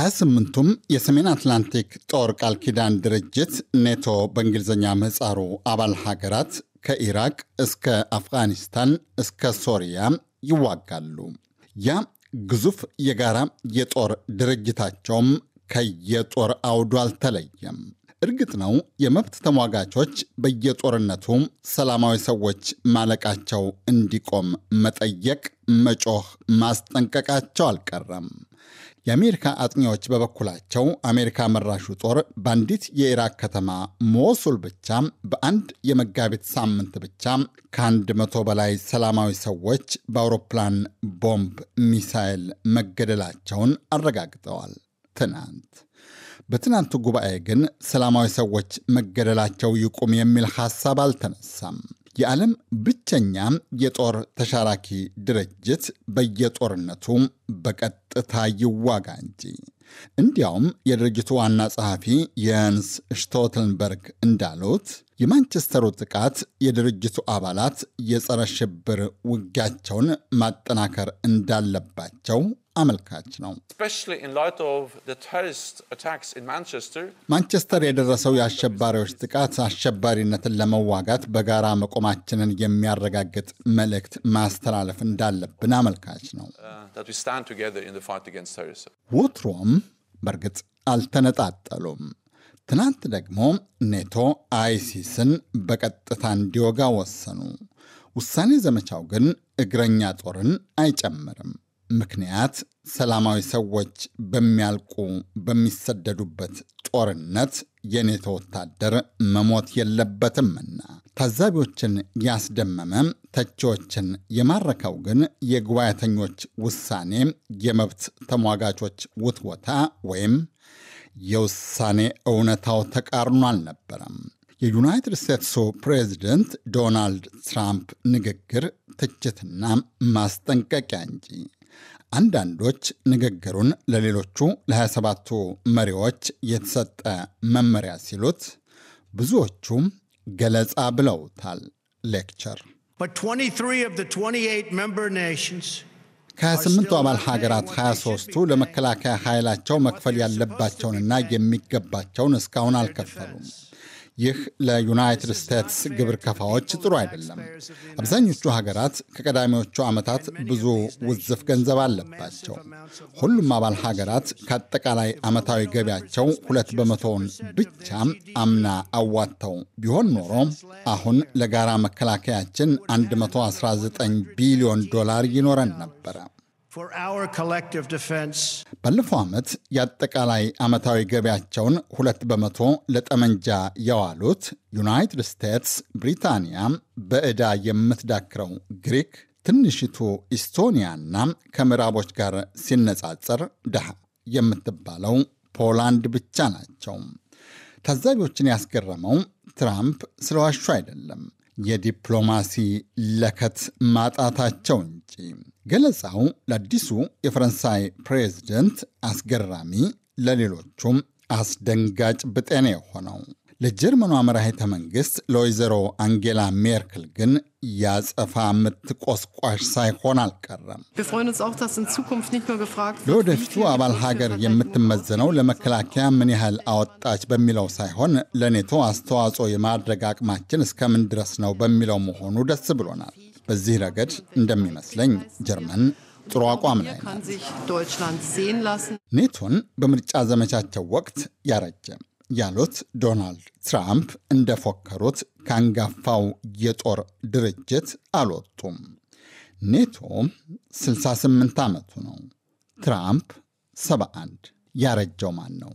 28ቱም የሰሜን አትላንቲክ ጦር ቃል ኪዳን ድርጅት ኔቶ በእንግሊዝኛ ምፃሩ አባል ሀገራት ከኢራቅ እስከ አፍጋኒስታን እስከ ሶሪያ ይዋጋሉ። ያ ግዙፍ የጋራ የጦር ድርጅታቸውም ከየጦር አውዱ አልተለየም። እርግጥ ነው የመብት ተሟጋቾች በየጦርነቱ ሰላማዊ ሰዎች ማለቃቸው እንዲቆም መጠየቅ፣ መጮህ፣ ማስጠንቀቃቸው አልቀረም። የአሜሪካ አጥኚዎች በበኩላቸው አሜሪካ መራሹ ጦር በአንዲት የኢራቅ ከተማ ሞሱል ብቻ በአንድ የመጋቢት ሳምንት ብቻ ከአንድ መቶ በላይ ሰላማዊ ሰዎች በአውሮፕላን ቦምብ ሚሳይል መገደላቸውን አረጋግጠዋል። ትናንት በትናንቱ ጉባኤ ግን ሰላማዊ ሰዎች መገደላቸው ይቁም የሚል ሐሳብ አልተነሳም። የዓለም ብቸኛ የጦር ተሻራኪ ድርጅት በየጦርነቱ በቀጥታ ይዋጋ እንጂ። እንዲያውም የድርጅቱ ዋና ጸሐፊ የንስ ሽቶተንበርግ እንዳሉት የማንቸስተሩ ጥቃት የድርጅቱ አባላት የጸረ ሽብር ውጊያቸውን ማጠናከር እንዳለባቸው አመልካች ነው። ማንቸስተር የደረሰው የአሸባሪዎች ጥቃት አሸባሪነትን ለመዋጋት በጋራ መቆማችንን የሚያረጋግጥ መልእክት ማስተላለፍ እንዳለብን አመልካች ነው። uh, ወትሮም በእርግጥ አልተነጣጠሉም። ትናንት ደግሞ ኔቶ አይሲስን በቀጥታ እንዲወጋ ወሰኑ። ውሳኔ ዘመቻው ግን እግረኛ ጦርን አይጨምርም። ምክንያት ሰላማዊ ሰዎች በሚያልቁ በሚሰደዱበት ጦርነት የኔቶ ወታደር መሞት የለበትምና። ታዛቢዎችን ያስደመመ ተቺዎችን የማረከው ግን የጉባኤተኞች ውሳኔ፣ የመብት ተሟጋቾች ውትወታ ወይም የውሳኔ እውነታው ተቃርኖ አልነበረም። የዩናይትድ ስቴትሱ ፕሬዚደንት ዶናልድ ትራምፕ ንግግር ትችትና ማስጠንቀቂያ እንጂ አንዳንዶች ንግግሩን ለሌሎቹ ለ27ቱ መሪዎች የተሰጠ መመሪያ ሲሉት፣ ብዙዎቹም ገለጻ ብለውታል ሌክቸር። ከ28ቱ አባል ሀገራት 23ቱ ለመከላከያ ኃይላቸው መክፈል ያለባቸውንና የሚገባቸውን እስካሁን አልከፈሉም። ይህ ለዩናይትድ ስቴትስ ግብር ከፋዎች ጥሩ አይደለም። አብዛኞቹ ሀገራት ከቀዳሚዎቹ ዓመታት ብዙ ውዝፍ ገንዘብ አለባቸው። ሁሉም አባል ሀገራት ከአጠቃላይ ዓመታዊ ገቢያቸው ሁለት በመቶውን ብቻ አምና አዋጥተው ቢሆን ኖሮ አሁን ለጋራ መከላከያችን 119 ቢሊዮን ዶላር ይኖረን ነበረ። ባለፈው ዓመት የአጠቃላይ ዓመታዊ ገቢያቸውን ሁለት በመቶ ለጠመንጃ የዋሉት ዩናይትድ ስቴትስ፣ ብሪታንያ፣ በዕዳ የምትዳክረው ግሪክ፣ ትንሽቱ ኢስቶኒያና ከምዕራቦች ጋር ሲነጻጸር ድሃ የምትባለው ፖላንድ ብቻ ናቸው። ታዛቢዎችን ያስገረመው ትራምፕ ስለዋሹ አይደለም፣ የዲፕሎማሲ ለከት ማጣታቸው እንጂ። ገለጻው ለአዲሱ የፈረንሳይ ፕሬዚደንት አስገራሚ፣ ለሌሎቹም አስደንጋጭ ብጤ የሆነው። ለጀርመኗ መራሄተ መንግስት ለወይዘሮ አንጌላ ሜርክል ግን ያጸፋ ምት ቆስቋሽ ሳይሆን አልቀረም። ለወደፊቱ አባል ሀገር የምትመዘነው ለመከላከያ ምን ያህል አወጣች በሚለው ሳይሆን ለኔቶ አስተዋጽኦ የማድረግ አቅማችን እስከምን ድረስ ነው በሚለው መሆኑ ደስ ብሎናል። በዚህ ረገድ እንደሚመስለኝ ጀርመን ጥሩ አቋም ላይ ናት። ኔቶን በምርጫ ዘመቻቸው ወቅት ያረጀም? ያሉት ዶናልድ ትራምፕ እንደፎከሩት ከአንጋፋው የጦር ድርጅት አልወጡም። ኔቶ 68 ዓመቱ ነው። ትራምፕ 71 ያረጀው ማን ነው?